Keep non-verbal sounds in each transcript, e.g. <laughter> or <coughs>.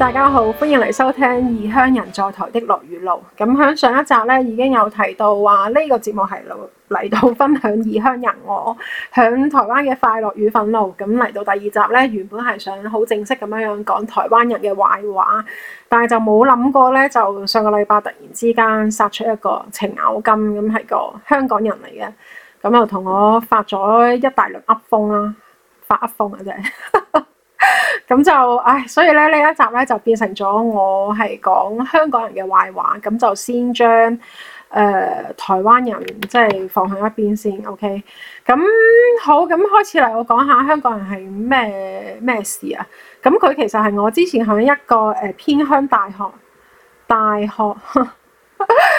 大家好，歡迎嚟收聽異鄉人在台的樂與怒。咁喺上一集咧，已經有提到話呢個節目係嚟到分享異鄉人我響台灣嘅快樂與憤怒。咁嚟到第二集咧，原本係想好正式咁樣樣講台灣人嘅壞話，但係就冇諗過咧，就上個禮拜突然之間殺出一個程咬金，咁係個香港人嚟嘅，咁又同我發咗一大輪噏風啦，發噏風嘅啫。咁就唉，所以咧，呢一集咧就變成咗我係講香港人嘅壞話，咁就先將誒、呃、台灣人即係放喺一邊先，OK？咁好，咁開始嚟我講下香港人係咩咩事啊？咁佢其實係我之前喺一個誒、呃、偏鄉大學大學。大學 <laughs>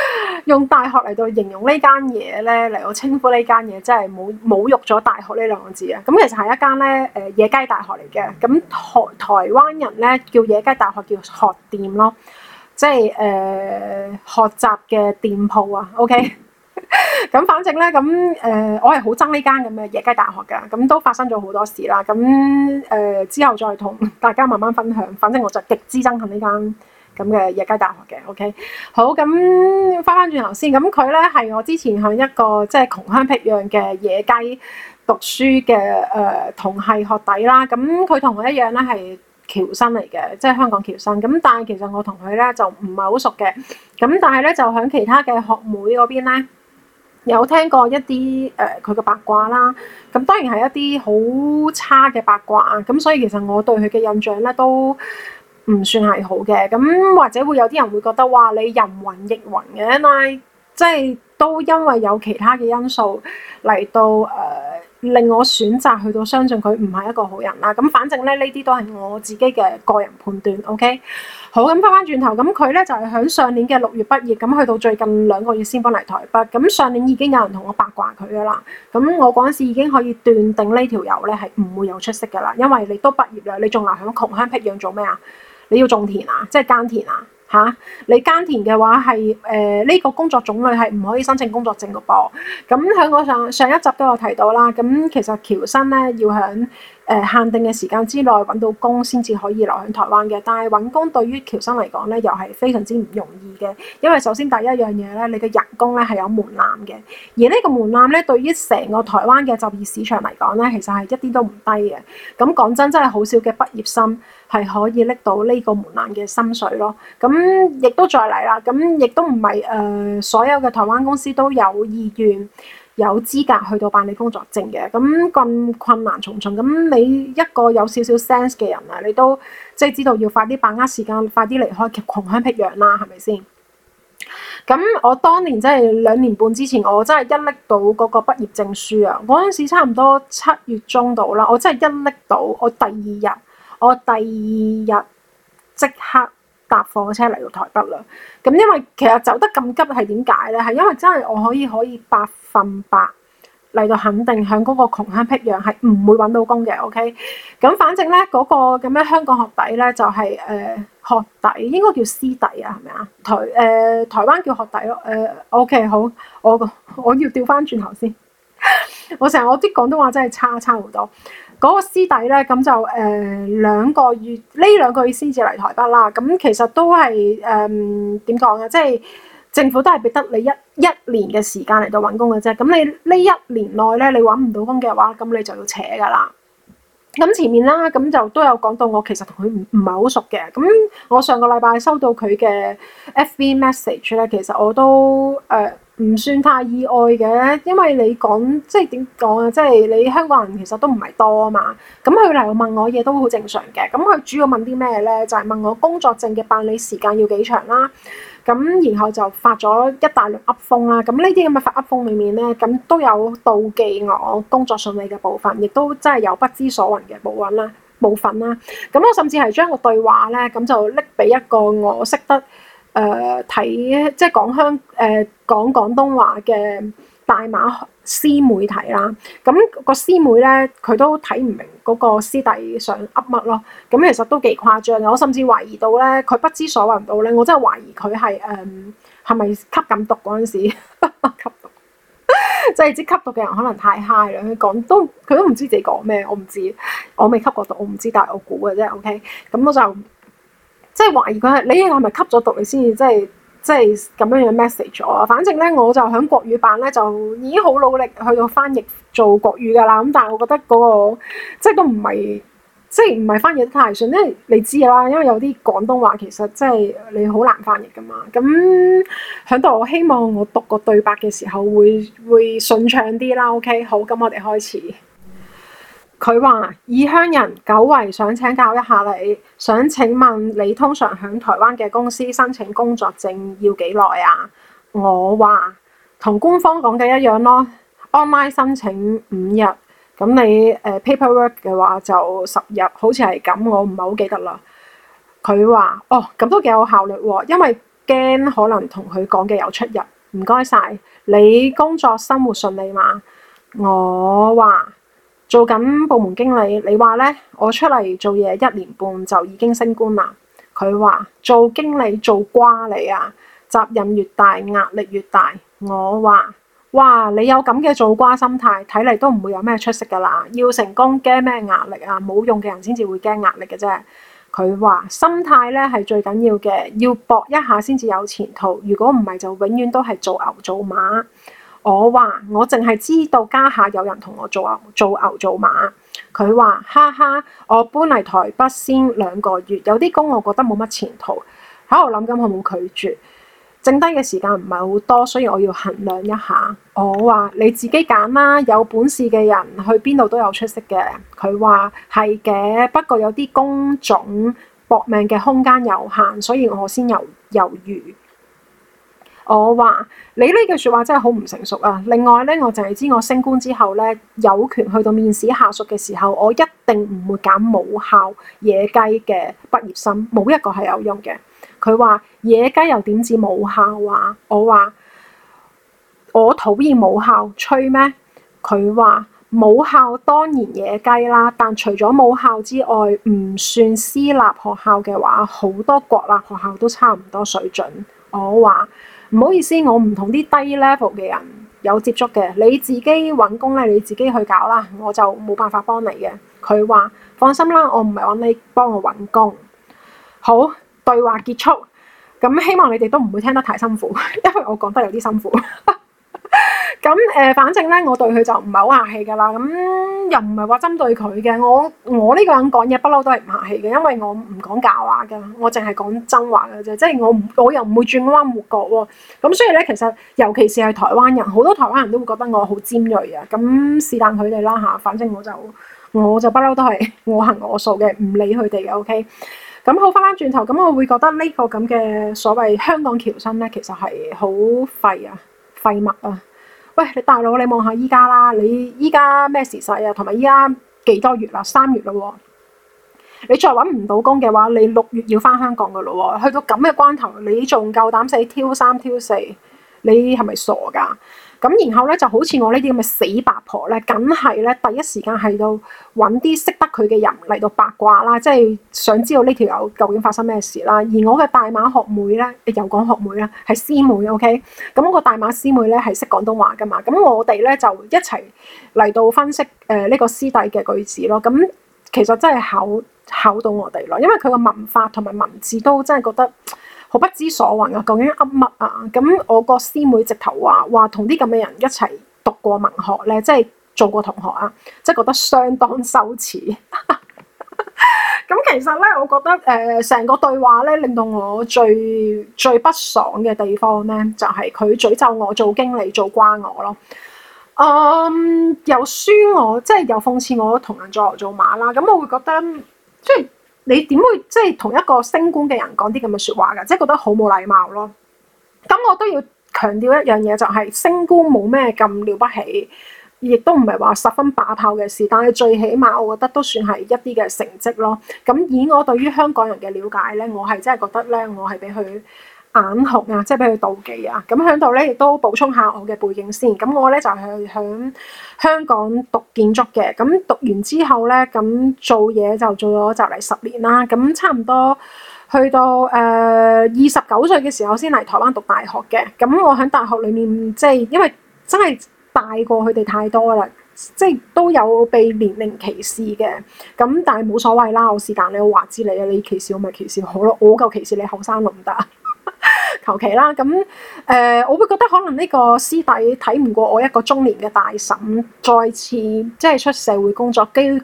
用大學嚟到形容呢間嘢咧，嚟到稱呼呢間嘢，真係侮侮辱咗大學呢兩個字啊！咁其實係一間咧，誒野雞大學嚟嘅。咁台台灣人咧叫野雞大學叫學店咯，即係誒、呃、學習嘅店鋪啊。OK，咁 <laughs> 反正咧，咁、呃、誒我係好憎呢間咁嘅野雞大學㗎。咁都發生咗好多事啦。咁誒之後再同大家慢慢分享。反正我就極之憎恨呢間。咁嘅野雞大學嘅，OK，好，咁翻返轉頭先，咁佢咧係我之前向一個即係窮鄉僻壤嘅野雞讀書嘅誒、呃、同系學弟啦，咁佢同我一樣咧係僑生嚟嘅，即係香港僑生。咁但係其實我同佢咧就唔係好熟嘅，咁但係咧就喺其他嘅學妹嗰邊咧有聽過一啲誒佢嘅八卦啦，咁當然係一啲好差嘅八卦，啊。咁所以其實我對佢嘅印象咧都，唔算係好嘅咁，或者會有啲人會覺得哇，你人雲亦雲嘅，但係即係都因為有其他嘅因素嚟到誒、呃，令我選擇去到相信佢唔係一個好人啦。咁反正咧，呢啲都係我自己嘅個人判斷。OK，好咁翻返轉頭，咁佢咧就係響上年嘅六月畢業，咁去到最近兩個月先翻嚟台北。咁上年已經有人同我八卦佢噶啦，咁我嗰陣時已經可以斷定呢條友咧係唔會有出息噶啦，因為你都畢業啦，你仲留喺窮鄉僻壤做咩啊？你要種田啊，即係耕田啊，嚇！你耕田嘅話係誒，呢個工作種類係唔可以申請工作證嘅噃。咁喺我上上一集都有提到啦。咁其實僑生咧要喺誒、呃、限定嘅時間之內揾到工先至可以留喺台灣嘅。但係揾工對於僑生嚟講咧又係非常之唔容易嘅，因為首先第一樣嘢咧，你嘅人工咧係有門檻嘅，而呢個門檻咧對於成個台灣嘅就業市場嚟講咧，其實係一啲都唔低嘅。咁講真真係好少嘅畢業生。係可以拎到呢個門檻嘅薪水咯。咁亦都再嚟啦。咁亦都唔係誒，所有嘅台灣公司都有意願有資格去到辦理工作證嘅。咁咁困難重重，咁你一個有少少 sense 嘅人啊，你都即係、就是、知道要快啲把握時間，快啲離開窮鄉僻壤啦，係咪先？咁我當年即係、就是、兩年半之前，我真係一拎到嗰個畢業證書啊！我嗰陣時差唔多七月中到啦，我真係一拎到，我第二日。我第二日即刻搭火車嚟到台北啦，咁因為其實走得咁急係點解咧？係因為真係我可以可以百分百嚟到肯定響嗰個窮鄉僻壤係唔會搵到工嘅，OK？咁反正咧嗰、那個咁樣香港學弟咧就係、是、誒、呃、學弟應該叫師弟啊，係咪啊？台誒台灣叫學弟咯，誒、呃、OK 好，我我要調返轉頭先， <laughs> 我成日我啲廣東話真係差差好多。嗰個師弟咧，咁就誒兩、呃、個月，呢兩個月先至嚟台北啦。咁其實都係誒點講啊？即係政府都係俾得你一一年嘅時間嚟到搵工嘅啫。咁你呢一年內咧，你搵唔到工嘅話，咁你就要扯㗎啦。咁前面啦，咁就都有講到，我其實同佢唔唔係好熟嘅。咁我上個禮拜收到佢嘅 FB message 咧，其實我都誒。呃唔算太意外嘅，因為你講即係點講啊，即係你香港人其實都唔係多啊嘛。咁佢嚟問我嘢都好正常嘅。咁佢主要問啲咩咧？就係問我工作證嘅辦理時間要幾長啦。咁然後就發咗一大輪噏風啦。咁呢啲咁嘅發噏風裏面咧，咁都有妒忌我工作順利嘅部分，亦都真係有不知所云嘅部分啦。部分啦，咁我甚至係將個對話咧，咁就拎俾一個我識得。誒睇，呃、即係講香誒、呃、講廣東話嘅大馬師妹睇啦，咁、嗯嗰個師妹咧佢都睇唔明嗰個師弟想噏乜咯。咁、嗯、其實都幾誇張，我甚至懷疑到咧佢不知所云到咧，我真係懷疑佢係誒係咪吸緊毒嗰陣時 <laughs> 吸毒， <laughs> 即係知吸毒嘅人可能太嗨啦，佢講都佢都唔知自己講咩。我唔知，我未吸過毒，我唔知，但係我估嘅啫，OK，咁我就。嗯嗯嗯嗯即係懷疑佢係你係咪吸咗毒你先至，即係即係咁樣樣 message 咗啊！反正咧，我就喺國語版咧就已經好努力去到翻譯做國語噶啦。咁但係我覺得嗰個即係都唔係即係唔係翻譯得太順，因為你知啦，因為有啲廣東話其實即係你好難翻譯噶嘛。咁喺度我希望我讀個對白嘅時候會會順暢啲啦。OK，好，咁我哋開始。佢話：異鄉人久違，想請教一下你，想請問你通常喺台灣嘅公司申請工作證要幾耐啊？我話同官方講嘅一樣咯，online 申請五日，咁你誒 paperwork 嘅話就十日，好似係咁，我唔係好記得啦。佢話：哦，咁都幾有效率喎，啊，因為驚可能同佢講嘅有出入。唔該晒，你工作生活順利嘛？我話。做緊部門經理，你話呢？我出嚟做嘢一年半就已經升官啦。佢話，做經理做瓜你啊，責任越大壓力越大。我話：哇，你有咁嘅做瓜心態，睇嚟都唔會有咩出息噶啦。要成功驚咩壓力啊？冇用嘅人先至會驚壓力嘅啫。佢話：心態咧係最緊要嘅，要搏一下先至有前途。如果唔係就永遠都係做牛做馬。我話，我淨係知道家下有人同我做牛做牛做馬，佢話，哈哈，我搬嚟台北先兩個月，有啲工我覺得冇乜前途，喺度諗緊佢會唔會拒絕，剩低嘅時間唔係好多，所以我要衡量一下。我話，你自己揀啦，有本事嘅人去邊度都有出息嘅。佢話，係嘅，不過有啲工種搏命嘅空間有限，所以我先猶猶豫。我話你呢句説話真係好唔成熟啊！另外呢，我淨係知我升官之後呢，有權去到面試下屬嘅時候，我一定唔會揀母校野雞嘅畢業生，冇一個係有用嘅。佢話野雞又點止母校啊？我話我討厭母校吹咩？佢話母校當然野雞啦，但除咗母校之外，唔算私立學校嘅話，好多國立學校都差唔多水準。我話。唔好意思，我唔同啲低 level 嘅人有接觸嘅，你自己揾工咧你自己去搞啦，我就冇辦法幫你嘅。佢話，放心啦，我唔係揾你幫我揾工。好，對話結束。咁希望你哋都唔會聽得太辛苦，因為我講得有啲辛苦。 <laughs> 咁誒、 <laughs> 呃，反正咧，我對佢就唔係好客氣噶啦。咁、嗯、又唔係話針對佢嘅，我我呢個人講嘢不嬲都係唔客氣嘅，因為我唔講假話噶，我淨係講真話噶啫。即係我我又唔會轉彎抹角喎。咁所以咧，其實尤其是係台灣人，好多台灣人都會覺得我好尖銳啊。咁是但佢哋啦吓，反正我就我就不嬲都係我行我素嘅，唔理佢哋嘅。OK。咁好翻翻轉頭，咁我會覺得呢個咁嘅所謂香港僑生咧，其實係好廢啊。廢物啊！喂，你大佬，你望下依家啦，你依家咩時勢啊？同埋依家幾多月啦、啊？三月啦喎、啊，你再揾唔到工嘅話，你六月要返香港噶咯喎。去到咁嘅關頭，你仲夠膽死挑三挑四？你係咪傻噶？咁然後咧就好似我呢啲咁嘅死八婆咧，梗係咧第一時間喺度揾啲識得佢嘅人嚟到八卦啦，即係想知道呢條友究竟發生咩事啦。而我嘅大馬學妹咧，又講學妹啦，係師妹，OK？咁個大馬師妹咧係識廣東話㗎嘛？咁我哋咧就一齊嚟到分析誒呢、呃這個師弟嘅句子咯。咁其實真係考考到我哋咯，因為佢個文化同埋文字都真係覺得。好不知所云啊！究竟噏乜啊？咁我個師妹直頭話話同啲咁嘅人一齊讀過文學咧，即係做過同學啊，即係覺得相當羞恥。咁 <laughs> 其實咧，我覺得誒成、呃、個對話咧，令到我最最不爽嘅地方咧，就係佢詛咒我做經理做瓜我咯。嗯、呃，又輸我，即係又諷刺我同人做牛做馬啦。咁我會覺得即係。你點會即係同一個升官嘅人講啲咁嘅説話㗎？即係覺得好冇禮貌咯。咁我都要強調一樣嘢，就係升官冇咩咁了不起，亦都唔係話十分把炮嘅事。但係最起碼我覺得都算係一啲嘅成績咯。咁以我對於香港人嘅了解咧，我係真係覺得咧，我係俾佢眼紅啊，即係俾佢妒忌啊。咁喺度咧，亦都補充下我嘅背景先。咁我咧就係喺香港讀建築嘅。咁讀完之後咧，咁做嘢就做咗就嚟十年啦。咁差唔多去到誒二十九歲嘅時候，先嚟台灣讀大學嘅。咁我喺大學裡面，即係因為真係大過佢哋太多啦，即係都有被年齡歧視嘅。咁但係冇所謂啦，我是但你話知你啊，你歧視我咪歧視我好咯，我夠歧視你後生都唔得啊！求其啦，咁誒、呃，我會覺得可能呢個師弟睇唔過我一個中年嘅大嬸，再次即係出社會工作，居居然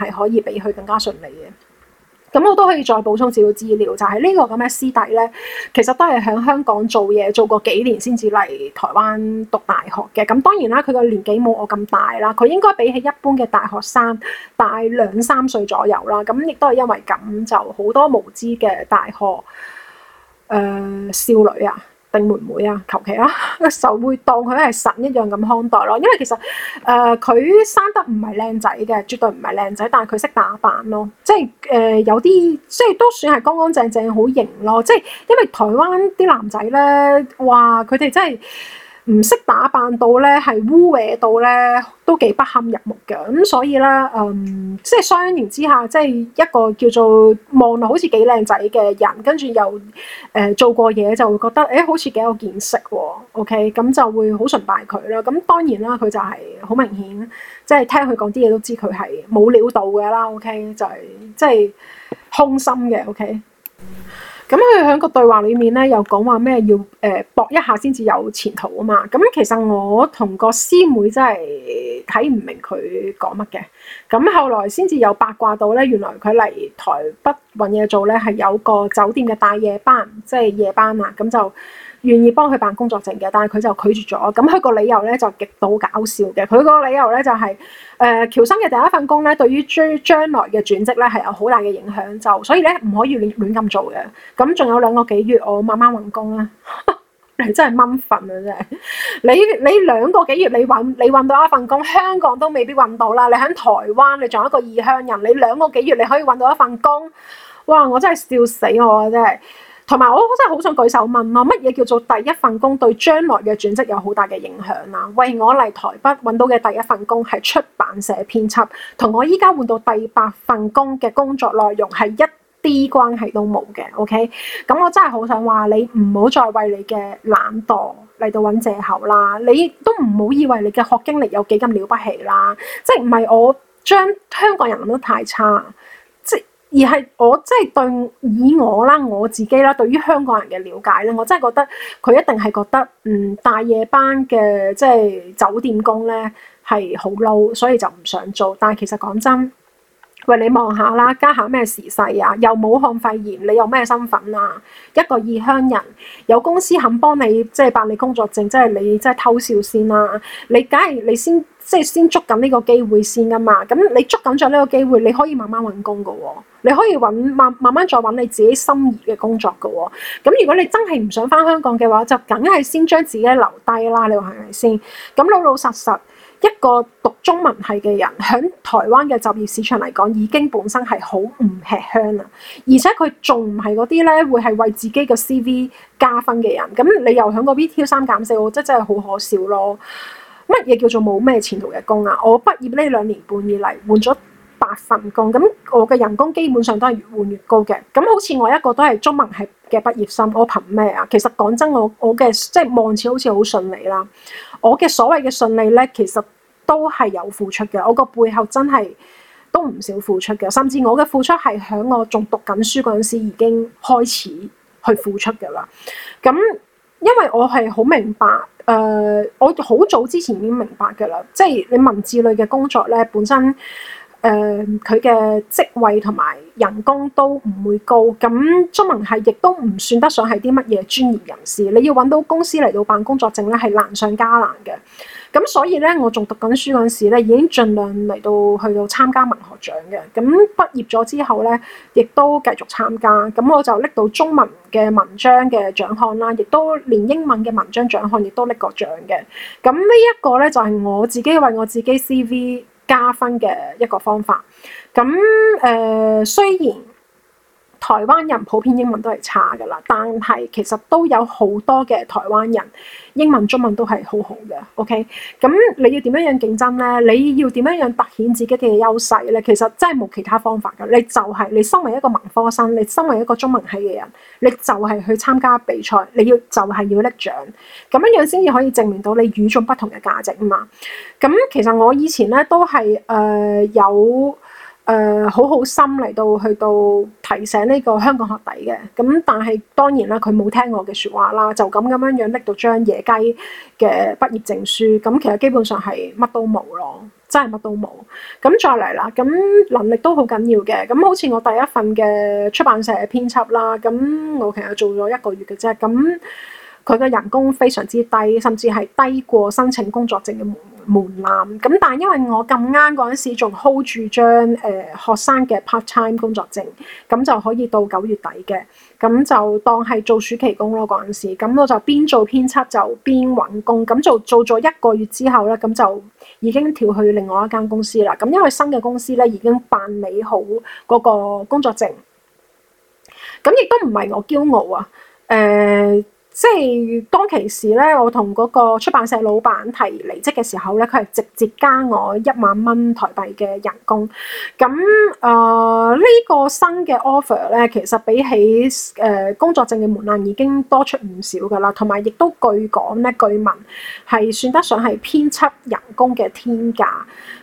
係可以比佢更加順利嘅。咁我都可以再補充少少資料，就係、是、呢個咁嘅師弟呢，其實都係喺香港做嘢做過幾年先至嚟台灣讀大學嘅。咁當然啦，佢個年紀冇我咁大啦，佢應該比起一般嘅大學生大兩三歲左右啦。咁亦都係因為咁，就好多無知嘅大學，誒、呃、少女啊，定妹妹啊，求其啦，嗰時 <laughs> 會當佢係神一樣咁看待咯。因為其實誒佢、呃、生得唔係靚仔嘅，絕對唔係靚仔，但係佢識打扮咯，即係誒、呃、有啲即係都算係乾乾淨淨，好型咯。即係因為台灣啲男仔咧，哇，佢哋真係～唔識打扮到咧，係污穢到咧，都幾不堪入目嘅。咁所以咧，嗯，即係相形之下，即係一個叫做望落好似幾靚仔嘅人，跟住又誒、呃、做過嘢、欸 okay? 嗯，就會覺得誒好似幾有見識喎。OK，咁就會好崇拜佢咯。咁當然啦，佢就係好明顯，即係聽佢講啲嘢都知佢係冇料到嘅啦。OK，就係、是、即係空心嘅。OK。咁佢喺個對話裏面咧，又講話咩要誒搏一下先至有前途啊嘛！咁其實我同個師妹真係睇唔明佢講乜嘅。咁後來先至有八卦到咧，原來佢嚟台北搵嘢做咧，係有個酒店嘅大夜班，即係夜班啊。咁就願意幫佢辦工作證嘅，但係佢就拒絕咗。咁佢個理由咧就極度搞笑嘅。佢個理由咧就係誒，喬生嘅第一份工咧，對於將將來嘅轉職咧係有好大嘅影響，就所以咧唔可以亂亂咁做嘅。咁仲有兩個幾月，我慢慢搵工啦。 <laughs> 你真係掹份啊！真係，你你兩個幾月你揾你揾到一份工，香港都未必揾到啦。你喺台灣，你仲有一個異鄉人，你兩個幾月你可以揾到一份工，哇！我真係笑死我啊！真係。同埋我真係好想舉手問啊，乜嘢叫做第一份工對將來嘅轉職有好大嘅影響啊？為我嚟台北揾到嘅第一份工係出版社編輯，同我依家換到第八份工嘅工作內容係一啲關係都冇嘅，OK？咁我真係好想話你唔好再為你嘅懶惰嚟到揾借口啦！你都唔好以為你嘅學經歷有幾咁了不起啦！即係唔係我將香港人諗得太差，即而係我真係對以我啦、我自己啦，對於香港人嘅了解咧，我真係覺得佢一定係覺得嗯大夜班嘅即係酒店工咧係好嬲，low，所以就唔想做。但係其實講真。喂你望下啦，家下咩時勢啊？又武漢肺炎，你有咩身份啊？一個異鄉人，有公司肯幫你即係辦理工作證，即係你即係偷笑先啦、啊！你梗係你先即係先捉緊呢個機會先噶、啊、嘛？咁你捉緊咗呢個機會，你可以慢慢揾工噶喎、啊，你可以慢慢慢再揾你自己心儀嘅工作噶喎、啊。咁如果你真係唔想翻香港嘅話，就梗係先將自己留低啦。你話係咪先？咁老老實實。一個讀中文系嘅人喺台灣嘅就業市場嚟講，已經本身係好唔吃香啦，而且佢仲唔係嗰啲咧會係為自己嘅 CV 加分嘅人，咁你又喺個 V 挑三揀四，4，我覺得真真係好可笑咯！乜嘢叫做冇咩前途嘅工啊？我畢業呢兩年半以嚟換咗。換份工咁，我嘅人工基本上都係越換越高嘅。咁好似我一個都係中文系嘅畢業生，我憑咩啊？其實講真，我我嘅，即係望似好似好順利啦。我嘅所謂嘅順利呢，其實都係有付出嘅。我個背後真係都唔少付出嘅，甚至我嘅付出係響我仲讀緊書嗰陣時已經開始去付出噶啦。咁因為我係好明白，誒，呃，我好早之前已經明白噶啦，即係你文字類嘅工作呢本身。誒佢嘅職位同埋人工都唔會高，咁中文系亦都唔算得上係啲乜嘢專業人士。你要揾到公司嚟到辦工作證咧，係難上加難嘅。咁所以咧，我仲讀緊書嗰陣時咧，已經盡量嚟到去到參加文學獎嘅。咁畢業咗之後咧，亦都繼續參加。咁我就拎到中文嘅文章嘅獎項啦，亦都連英文嘅文章獎項亦都拎過獎嘅。咁呢一個咧，就係、是、我自己為我自己 CV。加分嘅一個方法，咁誒、呃、雖然。台灣人普遍英文都係差㗎喇，但係其實都有好多嘅台灣人，英文、中文都係好好嘅。OK，咁你要點樣樣競爭呢？你要點樣樣凸顯自己嘅優勢咧？其實真係冇其他方法㗎，你就係、是、你身為一個文科生，你身為一個中文系嘅人，你就係去參加比賽，你就要就係要拎獎，咁樣樣先至可以證明到你與眾不同嘅價值啊嘛。咁其實我以前咧都係誒、呃、有。誒、呃、好好心嚟到去到提醒呢個香港學弟嘅，咁但係當然啦，佢冇聽我嘅説話啦，就咁咁樣樣拎到張野雞嘅畢業證書，咁其實基本上係乜都冇咯，真係乜都冇。咁再嚟啦，咁能力都好緊要嘅，咁好似我第一份嘅出版社嘅編輯啦，咁我其實做咗一個月嘅啫，咁佢嘅人工非常之低，甚至係低過申請工作證嘅門門檻咁，但係因為我咁啱嗰陣時仲 hold 住張誒學生嘅 part time 工作證，咁就可以到九月底嘅，咁就當係做暑期工咯嗰陣時，咁我就邊做編輯就邊揾工，咁就做咗一個月之後呢，咁就已經調去另外一間公司啦。咁因為新嘅公司呢已經辦理好嗰個工作證，咁亦都唔係我驕傲啊，誒、呃。即係當其時咧，我同嗰個出版社老闆提離職嘅時候咧，佢係直接加我一萬蚊台幣嘅人工。咁啊，呢、呃這個新嘅 offer 咧，其實比起誒、呃、工作證嘅門檻已經多出唔少㗎啦，同埋亦都據講咧，據聞係算得上係編輯人工嘅天價。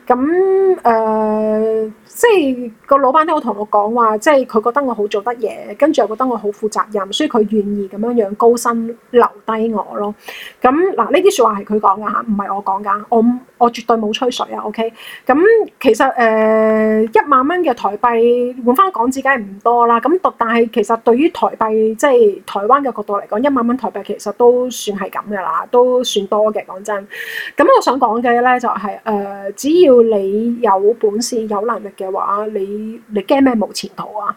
咁誒、呃，即係個老闆都好同我講話，即係佢覺得我好做得嘢，跟住又覺得我好負責任，所以佢願意咁樣樣高薪留低我咯。咁嗱，呢啲說話係佢講噶吓，唔係我講噶，我我絕對冇吹水啊。OK，咁其實誒，一萬蚊嘅台幣換翻港紙梗係唔多啦。咁但係其實對於台幣，即係台灣嘅角度嚟講，一萬蚊台幣其實都算係咁㗎啦，都算多嘅。講真，咁我想講嘅咧就係、是、誒、呃，只要你有本事有能力嘅話，你你驚咩冇前途啊？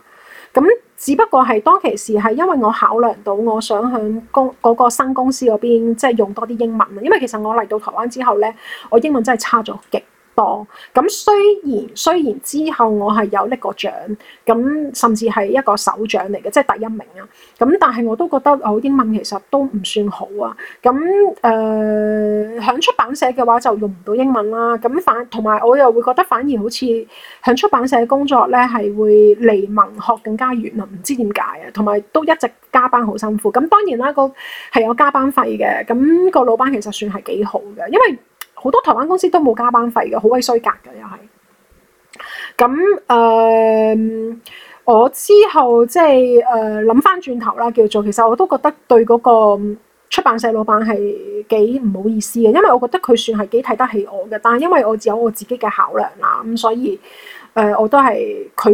咁只不過係當其時係因為我考量到我想向公嗰、嗰個新公司嗰邊，即係用多啲英文，因為其實我嚟到台灣之後咧，我英文真係差咗極。多咁，雖然雖然之後我係有拎過獎，咁甚至係一個首獎嚟嘅，即係第一名啊！咁但係我都覺得我英文其實都唔算好啊。咁誒喺出版社嘅話就用唔到英文啦。咁反同埋我又會覺得反而好似喺出版社工作咧係會離文學更加遠啊！唔知點解啊？同埋都一直加班好辛苦。咁當然啦，個係有加班費嘅。咁個老闆其實算係幾好嘅，因為。好多台灣公司都冇加班費嘅，好鬼衰格嘅又係。咁誒、呃，我之後即係誒諗翻轉頭啦，叫做其實我都覺得對嗰個出版社老闆係幾唔好意思嘅，因為我覺得佢算係幾睇得起我嘅，但係因為我只有我自己嘅考量啦，咁所以誒、呃、我都係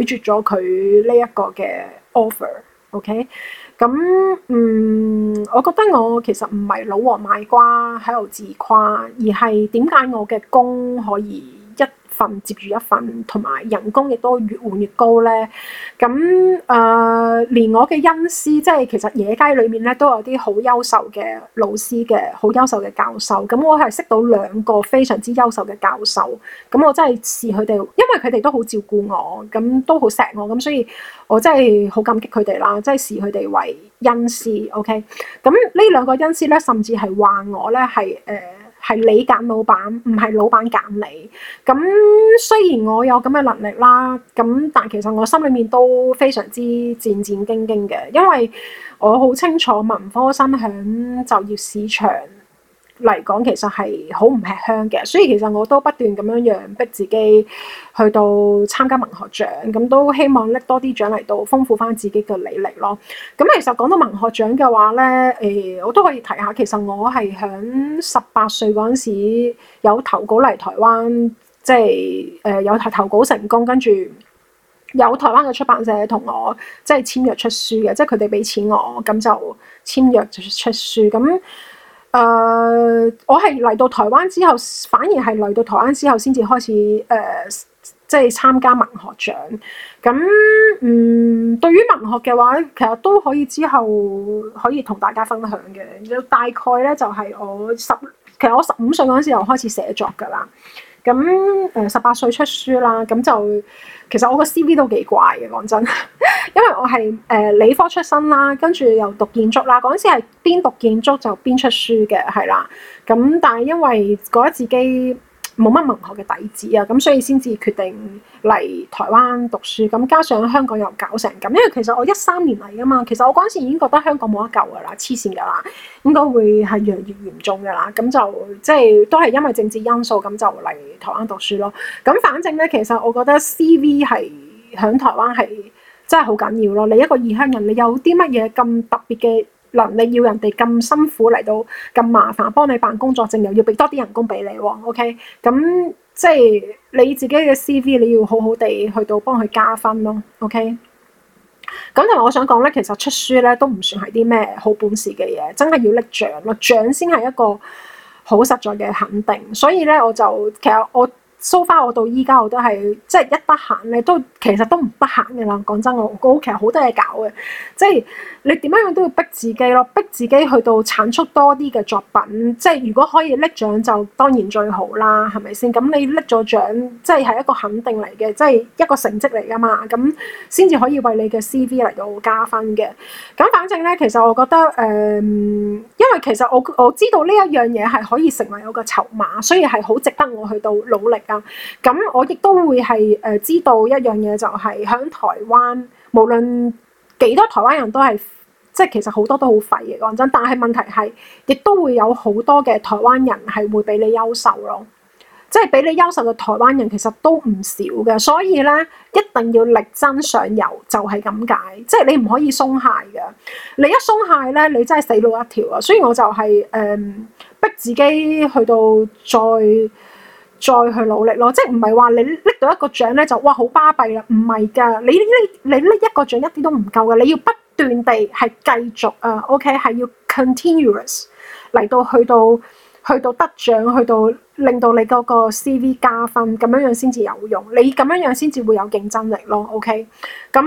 拒絕咗佢呢一個嘅 offer。OK，咁嗯，我覺得我其實唔係老王賣瓜喺度自誇，而係點解我嘅工可以，份接住一份，同埋人工亦都越換越高咧。咁誒，呃，連我嘅恩師，即係其實野雞裏面咧，都有啲好優秀嘅老師嘅，好優秀嘅教授。咁我係識到兩個非常之優秀嘅教授。咁我真係視佢哋，因為佢哋都好照顧我，咁都好錫我，咁所以我真係好感激佢哋啦。即係視佢哋為恩師。OK，咁呢兩個恩師咧，甚至係話我咧係誒。呃係你揀老闆，唔係老闆揀你。咁雖然我有咁嘅能力啦，咁但其實我心裏面都非常之戰戰兢兢嘅，因為我好清楚文科生喺就業市場嚟講其實係好唔吃香嘅，所以其實我都不斷咁樣樣逼自己去到參加文學獎，咁都希望拎多啲獎嚟到豐富翻自己嘅履歷咯。咁其實講到文學獎嘅話呢，誒、呃、我都可以提下，其實我係響十八歲嗰陣時有投稿嚟台灣，即係誒、呃、有投稿成功，跟住有台灣嘅出版社同我即係簽約出書嘅，即係佢哋俾錢我，咁就簽約出書咁。誒，uh, 我係嚟到台灣之後，反而係嚟到台灣之後先至開始誒，uh, 即係參加文學獎。咁嗯，對於文學嘅話，其實都可以之後可以同大家分享嘅。大概呢，就係、是、我十，其實我十五歲嗰陣時就開始寫作㗎啦。咁誒十八歲出書啦，咁就其實我個 CV 都幾怪嘅，講真，因為我係誒、呃、理科出身啦，跟住又讀建築啦，嗰陣時係邊讀建築就邊出書嘅，係啦，咁但係因為覺得自己冇乜文學嘅底子啊，咁所以先至決定嚟台灣讀書。咁加上香港又搞成咁，因為其實我一三年嚟噶嘛，其實我嗰陣時已經覺得香港冇得救噶啦，黐線噶啦，應該會係越嚟越嚴重噶啦。咁就即係都係因為政治因素，咁就嚟台灣讀書咯。咁反正咧，其實我覺得 CV 係喺台灣係真係好緊要咯。你一個異鄉人，你有啲乜嘢咁特別嘅？嗱，你要人哋咁辛苦嚟到咁麻煩幫你辦工作證，又要俾多啲人工俾你喎，OK？咁即係你自己嘅 CV，你要好好地去到幫佢加分咯，OK？咁同埋我想講咧，其實出書咧都唔算係啲咩好本事嘅嘢，真係要拎獎咯，獎先係一個好實在嘅肯定。所以咧，我就其實我。so far 我到依家我都係即係一得閒咧，都其實都唔得閒嘅啦。講真，我我其實好多嘢搞嘅，即係你點樣樣都要逼自己咯，逼自己去到產出多啲嘅作品。即係如果可以拎獎，就當然最好啦，係咪先？咁你拎咗獎，即係係一個肯定嚟嘅，即係一個成績嚟㗎嘛。咁先至可以為你嘅 CV 嚟到加分嘅。咁反正咧，其實我覺得誒，因為其實我我知道呢一樣嘢係可以成為我嘅籌碼，所以係好值得我去到努力。咁，我亦都會係誒、呃、知道一樣嘢、就是，就係喺台灣，無論幾多台灣人都係，即係其實好多都好廢嘅，講真。但係問題係，亦都會有好多嘅台灣人係會比你優秀咯，即係比你優秀嘅台灣人其實都唔少嘅。所以咧，一定要力爭上游，就係咁解。即係你唔可以鬆懈嘅，你一鬆懈咧，你真係死路一條啊！所以我就係、是、誒、呃，逼自己去到再。再去努力咯，即係唔係話你拎到一個獎咧就哇好巴閉啦？唔係㗎，你拎你拎一個獎一啲都唔夠㗎，你要不斷地係繼續啊、uh，OK 係要 continuous 嚟到去到去到得獎去到。令到你嗰個 CV 加分，咁樣樣先至有用，你咁樣樣先至會有競爭力咯。OK，咁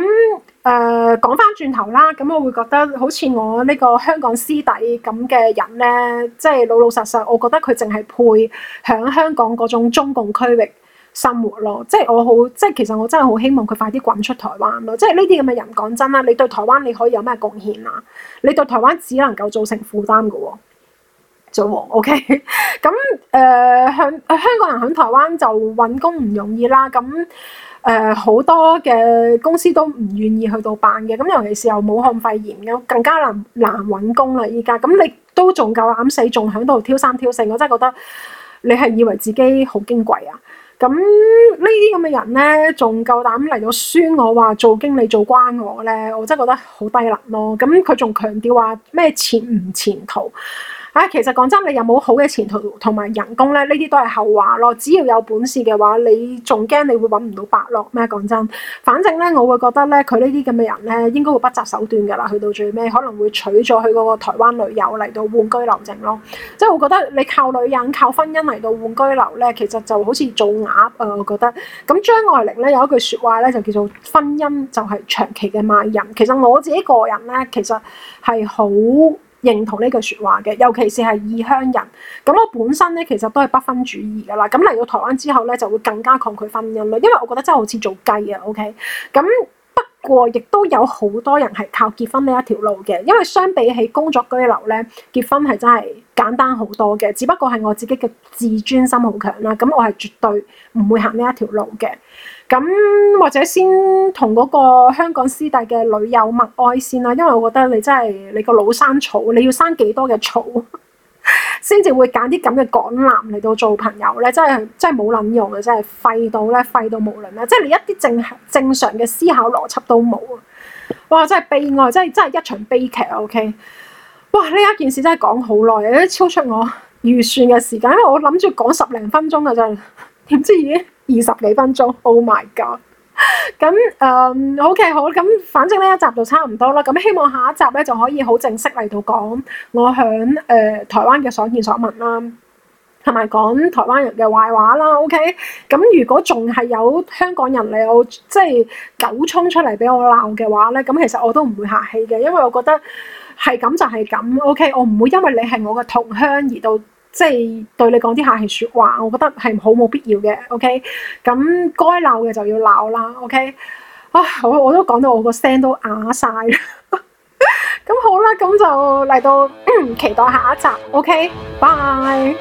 誒講返轉頭啦，咁、呃、我會覺得好似我呢個香港師弟咁嘅人咧，即係老老實實，我覺得佢淨係配響香港嗰種中共區域生活咯。即係我好，即係其實我真係好希望佢快啲滾出台灣咯。即係呢啲咁嘅人，講真啦，你對台灣你可以有咩貢獻啊？你對台灣只能夠造成負擔㗎喎。做王 OK 咁 <laughs> 誒、嗯，向香港人喺台灣就揾工唔容易啦。咁、嗯、誒，好多嘅公司都唔願意去到辦嘅。咁尤其是又武漢肺炎咁，更加難難揾工啦。依家咁你都仲夠膽死，仲喺度挑三挑四，我真係覺得你係以為自己好矜貴啊！咁、嗯、呢啲咁嘅人咧，仲夠膽嚟到輸我話做經理做關我咧，我真係覺得好低能咯。咁佢仲強調話咩前唔前途。啊、其實講真，你有冇好嘅前途同埋人工咧？呢啲都係後話咯。只要有本事嘅話，你仲驚你會揾唔到伯樂咩？講真，反正咧，我會覺得咧，佢呢啲咁嘅人咧，應該會不擇手段㗎喇。去到最尾，可能會娶咗佢嗰個台灣女友嚟到換居留證咯。即係我覺得你靠女人、靠婚姻嚟到換居留咧，其實就好似做鴨啊！我覺得咁張愛玲咧有一句説話咧，就叫做婚姻就係長期嘅賣淫。其實我自己個人咧，其實係好。認同呢句説話嘅，尤其是係異鄉人。咁我本身咧其實都係不婚主義噶啦。咁嚟到台灣之後咧，就會更加抗拒婚姻咯，因為我覺得真係好似做雞啊。OK，咁不過亦都有好多人係靠結婚呢一條路嘅，因為相比起工作居留咧，結婚係真係簡單好多嘅。只不過係我自己嘅自尊心好強啦，咁我係絕對唔會行呢一條路嘅。咁或者先同嗰個香港師弟嘅女友默哀先啦，因為我覺得你真係你個腦生草，你要生幾多嘅草先至會揀啲咁嘅港男嚟到做朋友咧？真係真係冇諗用嘅，真係廢到咧，廢到無倫咧！即係你一啲正正常嘅思考邏輯都冇啊！哇！真係悲哀，真係真係一場悲劇啊！OK，哇！呢一件事真係講好耐，有啲超出我預算嘅時間，因為我諗住講十零分鐘啊，真係。即係已經二十幾分鐘，Oh my god！咁 <laughs> 誒，um, okay, 好嘅，好咁，反正呢一集就差唔多啦。咁希望下一集咧就可以好正式嚟到講我響誒、呃、台灣嘅所見所聞啦，同埋講台灣人嘅壞話啦。OK，咁如果仲係有香港人嚟我即係狗衝出嚟俾我鬧嘅話咧，咁其實我都唔會客氣嘅，因為我覺得係咁就係咁。OK，我唔會因為你係我嘅同鄉而到。即係對你講啲客氣説話，我覺得係好冇必要嘅。OK，咁該鬧嘅就要鬧啦。OK，啊，我我都講到我個聲都啞曬。咁 <laughs> 好啦，咁就嚟到 <coughs> 期待下一集。OK，拜。